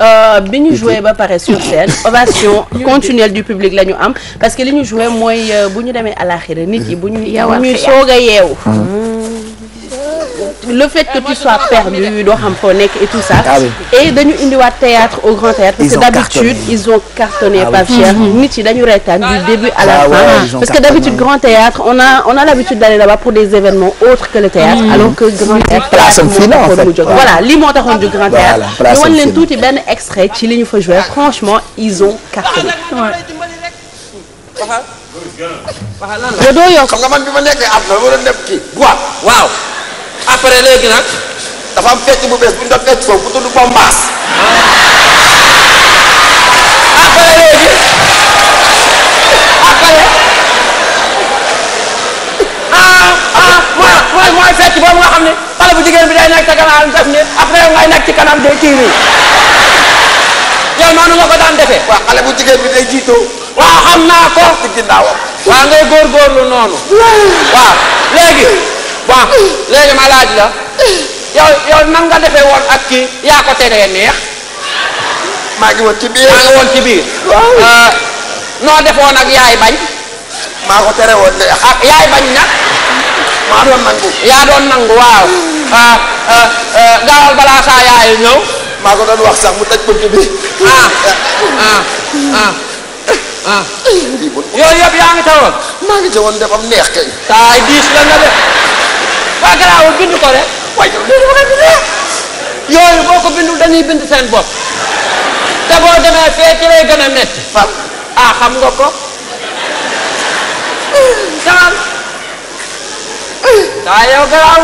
Euh, bi nous joué ba pare sur scène ovation continuelle du public là nous am parce que les nous joué mooy euh, bu à la àlaxira nit yi bu ñu a le fait que eh, tu sois perdu le et tout ça. Ah et une loi théâtre au grand théâtre parce que d'habitude ils ont cartonné ah pas mhm. du début à la ah fin parce que d'habitude grand théâtre on a on a l'habitude d'aller là-bas pour des événements autres que le théâtre mhm. alors que grand théâtre voilà du grand théâtre ñu wan extrait jouer franchement ils ont cartonné après léegi nag dafa am fecc bu bees bu ñu doon fecc bu tudd pompas après après ah ah mooy mooy mooy fecc boobu nga xam ne bu jigéen bi day nekk ca kanam def ni après ngay nekk ci kanam de tiir yow noonu ko daan defee waaw xale bu jigéen bi day jiitoo waaw xam ko ci ngay léegi ma laaj la yow yow nan woon ak kii yaa ko neex. maa ngi woon ci biir ci biir. waaw euh, noo defoon ak yaay bañ. maa ko tere woon neex. ak yaay bañ nag. maa doon nangu. yaa doon nangu waaw. ah gaawal yaay ñëw. maa ko doon wax sax mu tëj bunt bi. ah ah ah. ah. yaa ngi ca maa ngi ca woon neex kay. taay diis la nga def. waa garaawul bind ko rek yooyu boo ko bindul dañuy bind seen bopp te boo demee fee ci lay gën a metti fam ah xam nga ko saxal waaw ah, yow garaaw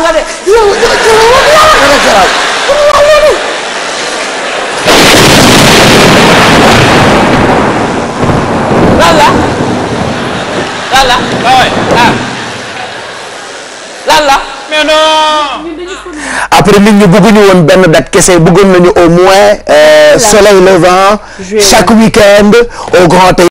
après nous ñi bëgguñu woon benn date kese bëggoon nañu au moins euh, soleil levant chaque week-end au grand